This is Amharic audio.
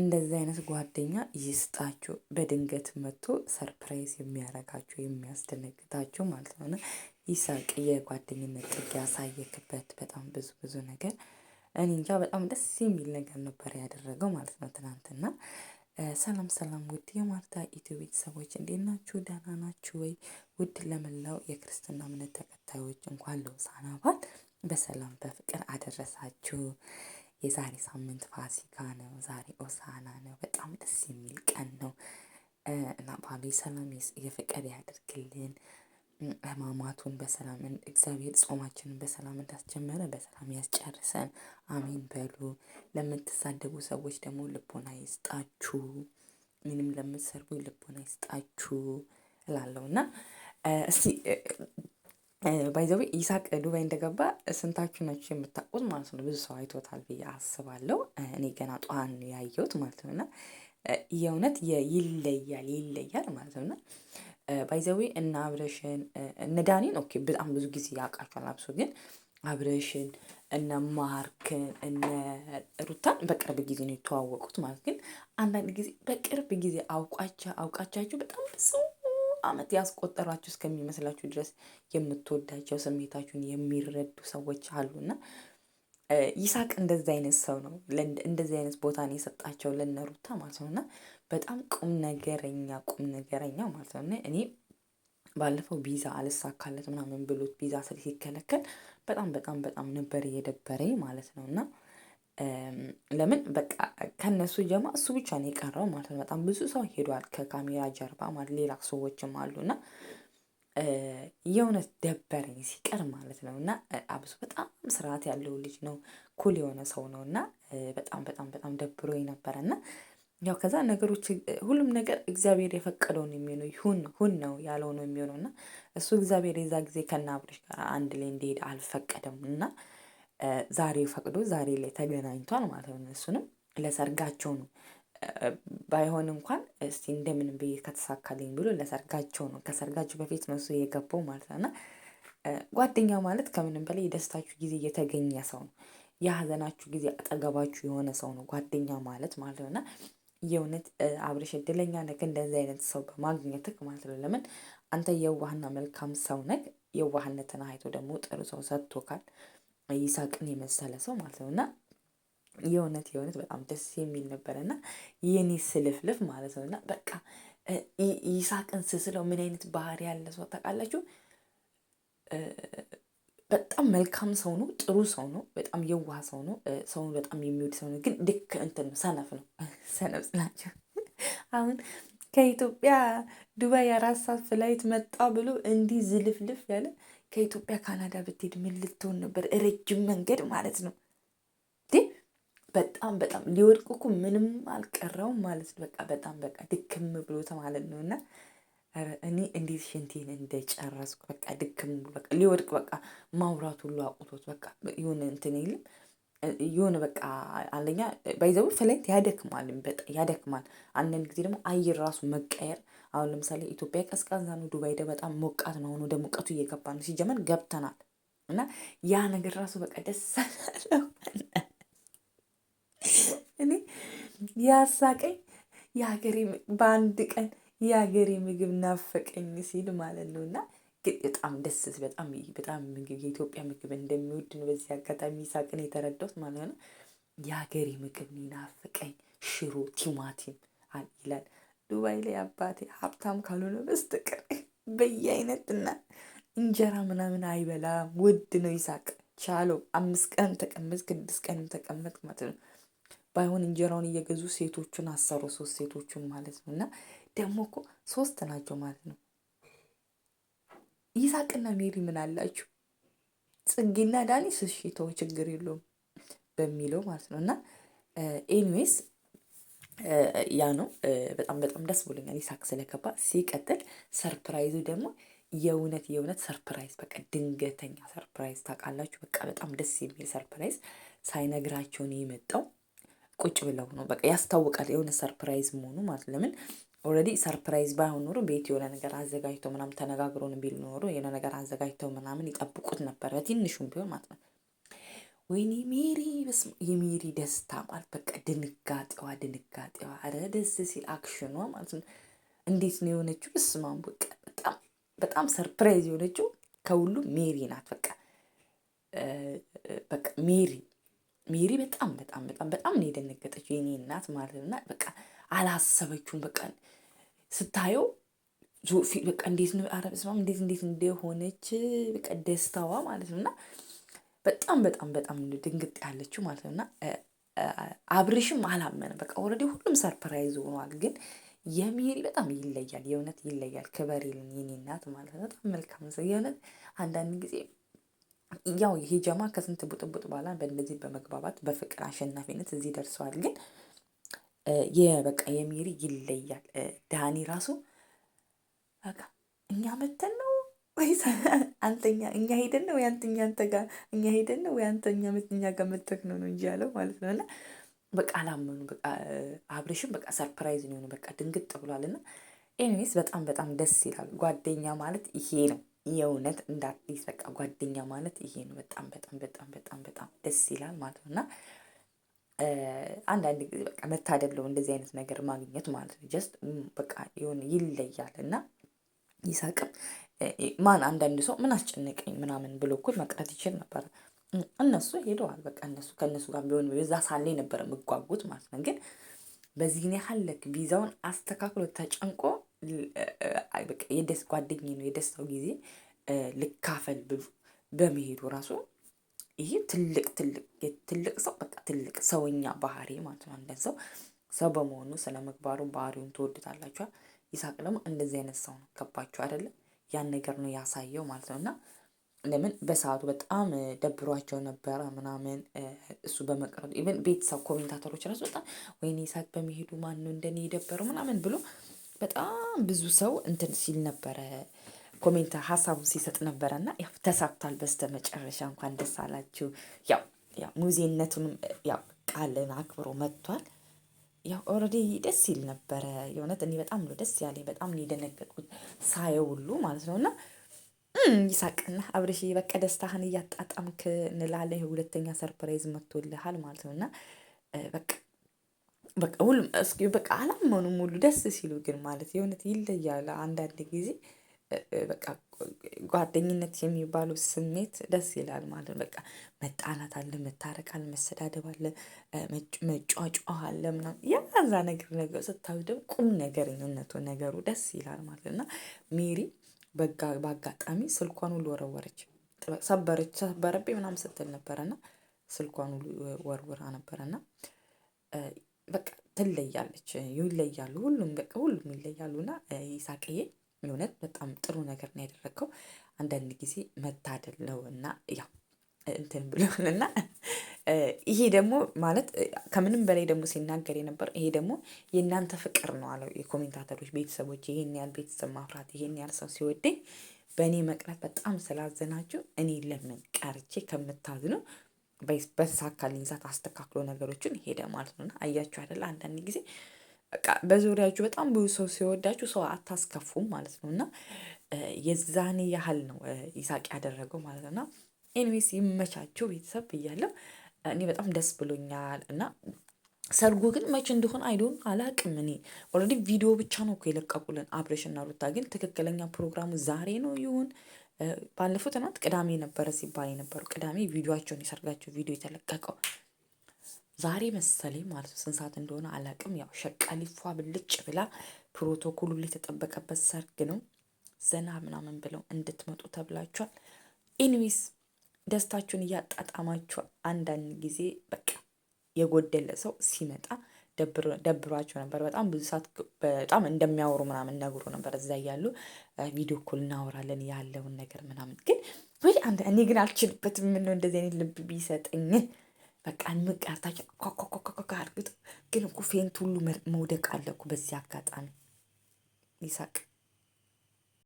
እንደዚህ አይነት ጓደኛ ይስጣችሁ። በድንገት መጥቶ ሰርፕራይዝ የሚያረጋችሁ የሚያስደነግጣችሁ ማለት ነው። እና ይሳቅ፣ የጓደኝነት ጥግ ያሳየክበት በጣም ብዙ ብዙ ነገር እኔ እንጃ በጣም ደስ የሚል ነገር ነበር ያደረገው ማለት ነው ትናንትና። ሰላም ሰላም፣ ውድ የማርታ ኢትዮ ቤተሰቦች እንዴት ናችሁ? ደህና ናችሁ ወይ? ውድ ለመላው የክርስትና እምነት ተከታዮች እንኳን ለሆሳዕና በዓል በሰላም በፍቅር አደረሳችሁ። የዛሬ ሳምንት ፋሲካ ነው። ዛሬ ኦሳና ነው። በጣም ደስ የሚል ቀን ነው እና ባሉ ሰላም የፍቅር ያደርግልን። ህማማቱን በሰላም እግዚአብሔር ጾማችንን በሰላም እንዳስጀመረ በሰላም ያስጨርሰን። አሜን በሉ። ለምትሳደቡ ሰዎች ደግሞ ልቦና ይስጣችሁ፣ ምንም ለምትሰርጉ ልቦና ይስጣችሁ እላለሁ እና እስቲ ባይዘዊ ይሳቅ ዱባይ እንደገባ ስንታችሁ ናችሁ የምታውቁት ማለት ነው። ብዙ ሰው አይቶታል ብዬ አስባለሁ። እኔ ገና ጠዋን ያየሁት ማለት ነው እና የእውነት ይለያል ይለያል ማለት ነው እና ባይዘዊ እና አብረሽን እነ ዳኒን ኦኬ፣ በጣም ብዙ ጊዜ ያውቃቸዋል አብሶ ግን አብረሽን እነ ማርክን እነ ሩታን በቅርብ ጊዜ ነው የተዋወቁት ማለት ግን አንዳንድ ጊዜ በቅርብ ጊዜ አውቋቻ አውቃቻቸው በጣም ብዙ ዓመት ያስቆጠራችሁ እስከሚመስላችሁ ድረስ የምትወዳቸው ስሜታችሁን የሚረዱ ሰዎች አሉና ይሳቅ እንደዚ አይነት ሰው ነው። እንደዚህ አይነት ቦታ ነው የሰጣቸው ለነሩታ ማለት ነው እና በጣም ቁም ነገረኛ ቁም ነገረኛ ማለት ነው እና እኔ ባለፈው ቪዛ አልሳካለት ምናምን ብሎት ቪዛ ስል ሲከለከል በጣም በጣም በጣም ነበር የደበረኝ ማለት ነው እና ለምን በቃ ከነሱ ጀማ እሱ ብቻ ነው የቀረው ማለት ነው። በጣም ብዙ ሰው ሄዷል ከካሜራ ጀርባ ማለት ሌላ ሰዎችም አሉ እና የእውነት ደበረኝ ሲቀር ማለት ነው። እና አብሶ በጣም ስርዓት ያለው ልጅ ነው፣ ኩል የሆነ ሰው ነው እና በጣም በጣም በጣም ደብሮ ነበረ እና ያው ከዛ ነገሮች ሁሉም ነገር እግዚአብሔር የፈቀደው ነው የሚሆነው። ይሁን ሁን ነው ያለው ነው የሚሆነው እና እሱ እግዚአብሔር የዛ ጊዜ ከና አብርሽ ጋር አንድ ላይ እንዲሄድ አልፈቀደም እና ዛሬ ፈቅዶ ዛሬ ላይ ተገናኝቷል ማለት ነው። እነሱንም ለሰርጋቸው ነው ባይሆን እንኳን እስቲ እንደምን ብዬ ከተሳካልኝ ብሎ ለሰርጋቸው ነው። ከሰርጋቸው በፊት ነው እሱ የገባው ማለት ነው። እና ጓደኛ ማለት ከምንም በላይ የደስታችሁ ጊዜ የተገኘ ሰው ነው። የሀዘናችሁ ጊዜ አጠገባችሁ የሆነ ሰው ነው ጓደኛ ማለት ማለት ነው። እና የእውነት አብርሽ እድለኛ ነህ እንደዚህ አይነት ሰው በማግኘትህ ማለት ነው። ለምን አንተ የዋህና መልካም ሰው ነህ። የዋህነትን አይቶ ደግሞ ጥሩ ሰው ሰጥቶካል። ይሳቅን የመሰለ ሰው ማለት ነው እና የእውነት የእውነት በጣም ደስ የሚል ነበር እና የኔ ስልፍልፍ ማለት ነው እና በቃ ይሳቅን ስስለው ምን አይነት ባህሪ ያለ ሰው ታውቃላችሁ? በጣም መልካም ሰው ነው። ጥሩ ሰው ነው። በጣም የዋህ ሰው ነው። ሰውን በጣም የሚወድ ሰው ነው። ግን ልክ እንትን ነው፣ ሰነፍ ነው። ሰነፍ ስላቸው አሁን ከኢትዮጵያ ዱባይ የአራት ሰዓት ፍላይት መጣ ብሎ እንዲህ ዝልፍልፍ ያለ ከኢትዮጵያ ካናዳ ብትሄድ ምን ልትሆን ነበር? ረጅም መንገድ ማለት ነው። በጣም በጣም ሊወድቁ እኮ ምንም አልቀረውም ማለት ነው። በቃ በጣም በቃ ድክም ብሎት ማለት ነው። እና እኔ እንዴት ሽንቴን እንደጨረስኩ በቃ ድክም በቃ ሊወድቅ በቃ ማውራት ሁሉ አቁቶት በቃ የሆነ እንትን የለም የሆነ በቃ አንደኛ ባይዘው ፍላይት ያደክማል፣ በጣም ያደክማል። አንዳንድ ጊዜ ደግሞ አየር ራሱ መቀየር አሁን ለምሳሌ ኢትዮጵያ ቀዝቃዛ ነው፣ ዱባይ ደ በጣም ሞቃት ነው። ወደ ሙቀቱ እየገባ ነው ሲጀመር ገብተናል። እና ያ ነገር ራሱ በቃ ደስ እኔ ያሳቀኝ የሀገሬ በአንድ ቀን የሀገሬ ምግብ ናፈቀኝ ሲል ማለት ነው እና ግን በጣም ደስ በጣም በጣም ምግብ የኢትዮጵያ ምግብ እንደሚወድ ነው በዚህ አጋጣሚ ሳቅን የተረዳሁት ማለት ነው። የሀገሬ ምግብ ናፍቀኝ ሽሮ ቲማቲም ይላል። ዱባይ ላይ አባቴ ሀብታም ካልሆነ በስተቀር በየአይነትና እንጀራ ምናምን አይበላም። ውድ ነው ይሳቅ ቻለው። አምስት ቀን ተቀመጥ ስድስት ቀን ተቀመጥ ማለት ነው። ባይሆን እንጀራውን እየገዙ ሴቶቹን አሰሩ። ሶስት ሴቶቹን ማለት ነው። እና ደግሞ እኮ ሶስት ናቸው ማለት ነው። ይሳቅና ሜሪ ምን አላችሁ? ጽጌና ዳኒስ እሺ ችግር የለውም በሚለው ማለት ነው። እና ኤኒዌይስ ያ ነው። በጣም በጣም ደስ ብሎኛል ይሳቅ ስለገባ። ሲቀጥል ሰርፕራይዙ ደግሞ የእውነት የእውነት ሰርፕራይዝ፣ በቃ ድንገተኛ ሰርፕራይዝ ታውቃላችሁ። በቃ በጣም ደስ የሚል ሰርፕራይዝ ሳይነግራቸውን የመጣው ቁጭ ብለው ነው። በቃ ያስታውቃል የሆነ ሰርፕራይዝ መሆኑ ማለት ለምን ኦልሬዲ ሰርፕራይዝ ባይሆን ኖሮ ቤት የሆነ ነገር አዘጋጅተው ምናምን ተነጋግሮን ቢል ኖሮ የሆነ ነገር አዘጋጅተው ምናምን ይጠብቁት ነበር፣ በትንሹም ቢሆን ማለት ነው። ወይኔ ሜሪ የሜሪ ደስታ ማለት በቃ ድንጋጤዋ ድንጋጤዋ፣ ኧረ ደስ ሲል አክሽኗ ማለት ነው። እንዴት ነው የሆነችው? እስማም በቃ በጣም በጣም ሰርፕራይዝ የሆነችው ከሁሉም ሜሪ ናት። በቃ በቃ ሜሪ ሜሪ በጣም በጣም በጣም በጣም ነው የደነገጠችው የኔ እናት ማለት ነው። በቃ አላሰበችውም በቃ ስታየው በቃ እንዴት እንዴት እንደሆነች በቃ ደስታዋ ማለት ነው እና በጣም በጣም በጣም ድንግጥ ያለችው ማለት ነው እና አብርሽም አላመንም። በቃ ኦልሬዲ ሁሉም ሰርፕራይዝ ሆኗል። ግን የሚል በጣም ይለያል፣ የእውነት ይለያል። ክበር የለን የኔ እናት ማለት ነው። በጣም መልካም ሰው የእውነት አንዳንድ ጊዜ ያው ይሄ ጀማ ከስንት ቡጥቡጥ በኋላ በእንደዚህ በመግባባት በፍቅር አሸናፊነት እዚህ ደርሰዋል ግን በቃ የሚሪ ይለያል። ዳኒ ራሱ በቃ እኛ መተን ነው ወይስ አንተኛ እኛ ሄደን ነው ያንተኛ አንተ ጋር እኛ ሄደን ነው ያንተኛ መተኛ ጋር መተክ ነው ነው እንጂ ያለው ማለት ነው። እና በቃ አላመኑ በቃ አብሬሽም በቃ ሰርፕራይዝ ነው በቃ ድንግጥ ብሏል። እና ኤኒዌይስ በጣም በጣም ደስ ይላል። ጓደኛ ማለት ይሄ ነው የእውነት እንደ አርቲስት በቃ ጓደኛ ማለት ይሄ ነው። በጣም በጣም በጣም በጣም በጣም ደስ ይላል ማለት ነው እና አንዳንድ ጊዜ በቃ መታደል ነው እንደዚህ አይነት ነገር ማግኘት ማለት ነው። ጀስት በቃ የሆነ ይለያል እና ይሳቅም ማን አንዳንድ ሰው ምን አስጨነቀኝ ምናምን ብሎ እኮ መቅረት ይችል ነበር። እነሱ ሄደዋል በቃ እነሱ ከእነሱ ጋር ቢሆን በዛ ሳለ ነበረ መጓጉት ማለት ነው። ግን በዚህን ያህል ለክ ቪዛውን አስተካክሎ ተጨንቆ የደስ ጓደኝ ነው የደስታው ጊዜ ልካፈል ብሎ በመሄዱ ራሱ ይሄ ትልቅ ትልቅ ትልቅ ሰው በቃ ትልቅ ሰውኛ ባህሪ ማለት ነው። አንድን ሰው ሰው በመሆኑ ስለ ምግባሩ ባህሪውን ትወዱታላችኋል። ይሳቅ ደግሞ እንደዚህ አይነት ሰው ነው። ገባችሁ አይደለም። ያን ነገር ነው ያሳየው ማለት ነው። እና ለምን በሰዓቱ በጣም ደብሯቸው ነበረ ምናምን እሱ በመቅረቱ ኢቨን ቤተሰብ ኮሜንታተሮች ራሱ በጣም ወይኔ ይስሐቅ በመሄዱ ማን ነው እንደኔ የደበረው ምናምን ብሎ በጣም ብዙ ሰው እንትን ሲል ነበረ ኮሜንት ሀሳቡን ሲሰጥ ነበረ እና ያው ተሳክቷል። በስተ መጨረሻ እንኳን ደስ አላችሁ። ያው ያው ሙዚየነቱንም ያው ቃልን አክብሮ መጥቷል። ያው ኦልሬዲ ደስ ይል ነበረ። የእውነት እኔ በጣም ነው ደስ ያለኝ። በጣም ነው የደነገጥኩት ሳየው ሁሉ ማለት ነው እና ይሳቅና አብረሽ በቃ ደስታህን እያጣጣምክ እንላለን። ሁለተኛ ሰርፕራይዝ መጥቶልሃል ማለት ነው እና በቃ በቃ ሁሉም በቃ አላመኑም ሁሉ ደስ ሲሉ ግን ማለት የእውነት ይለያል አንዳንድ ጊዜ በቃ ጓደኝነት የሚባለው ስሜት ደስ ይላል ማለት ነው። በቃ መጣላት አለ፣ መታረቅ አለ፣ መሰዳደብ አለ፣ መጫጫህ አለ ምናምን የዛ ነገር ነገር ስታዩ ደግሞ ቁም ነገረኝነቱ ነገሩ ደስ ይላል ማለት ነው። እና ሜሪ በአጋጣሚ ስልኳን ሁሉ ወረወረች፣ ሰበረች፣ ሰበረብኝ ምናምን ስትል ነበረና ስልኳን ሁሉ ወርውራ ነበረና በቃ ትለያለች፣ ይለያሉ፣ ሁሉም በቃ ሁሉም ይለያሉና ይሳቅዬ እውነት በጣም ጥሩ ነገር ነው ያደረግከው። አንዳንድ ጊዜ መታደል ነው እና ያው እንትን ብሎን እና ይሄ ደግሞ ማለት ከምንም በላይ ደግሞ ሲናገር የነበር ይሄ ደግሞ የእናንተ ፍቅር ነው አለው። የኮሜንታተሮች ቤተሰቦች ይሄን ያህል ቤተሰብ ማፍራት ይሄን ያህል ሰው ሲወደኝ በእኔ መቅረት በጣም ስላዘናችሁ እኔ ለምን ቀርቼ ከምታዝኑ በተሳካልኝ አስተካክሎ ነገሮችን ሄደ ማለት ነውና አያችሁ አይደለ አንዳንድ ጊዜ በቃ በዙሪያችሁ በጣም ብዙ ሰው ሲወዳችሁ ሰው አታስከፉም ማለት ነው። እና የዛኔ ያህል ነው ይሳቅ ያደረገው ማለት ነው። እና ኤኒዌይስ ይመቻችሁ ቤተሰብ ብያለሁ። እኔ በጣም ደስ ብሎኛል እና ሰርጉ ግን መቼ እንደሆነ አይዶን አላቅም። እኔ ኦልሬዲ ቪዲዮ ብቻ ነው እኮ የለቀቁልን አብሬሽ እና ሩታ። ግን ትክክለኛ ፕሮግራሙ ዛሬ ነው ይሁን ባለፉት እናት ቅዳሜ ነበረ ሲባል የነበረው ቅዳሜ ቪዲዮቸውን የሰርጋቸው ቪዲዮ የተለቀቀው ዛሬ መሰለኝ ማለት ነው። ስንት ሰዓት እንደሆነ አላቅም ያው ሸቀሊፏ ብልጭ ብላ ፕሮቶኮሉ የተጠበቀበት ሰርግ ነው። ዘና ምናምን ብለው እንድትመጡ ተብላችኋል። ኢንዊስ ደስታችሁን እያጣጣማችሁ አንዳንድ ጊዜ በቃ የጎደለ ሰው ሲመጣ ደብሯቸው ነበር። በጣም ብዙ ሰዓት በጣም እንደሚያወሩ ምናምን ነግሮ ነበር። እዛ እያሉ ቪዲዮ ኮል እናወራለን ያለውን ነገር ምናምን ግን ወይ አንድ እኔ ግን አልችልበትም። ምነው እንደዚህ አይነት ልብ ቢሰጠኝ በቃ እንቅ አርታችሁ ኮኮኮኮኮ አርግጡ። ግን እኮ ፌንት ሁሉ መውደቅ አለ እኮ በዚህ አጋጣሚ ይሳቅ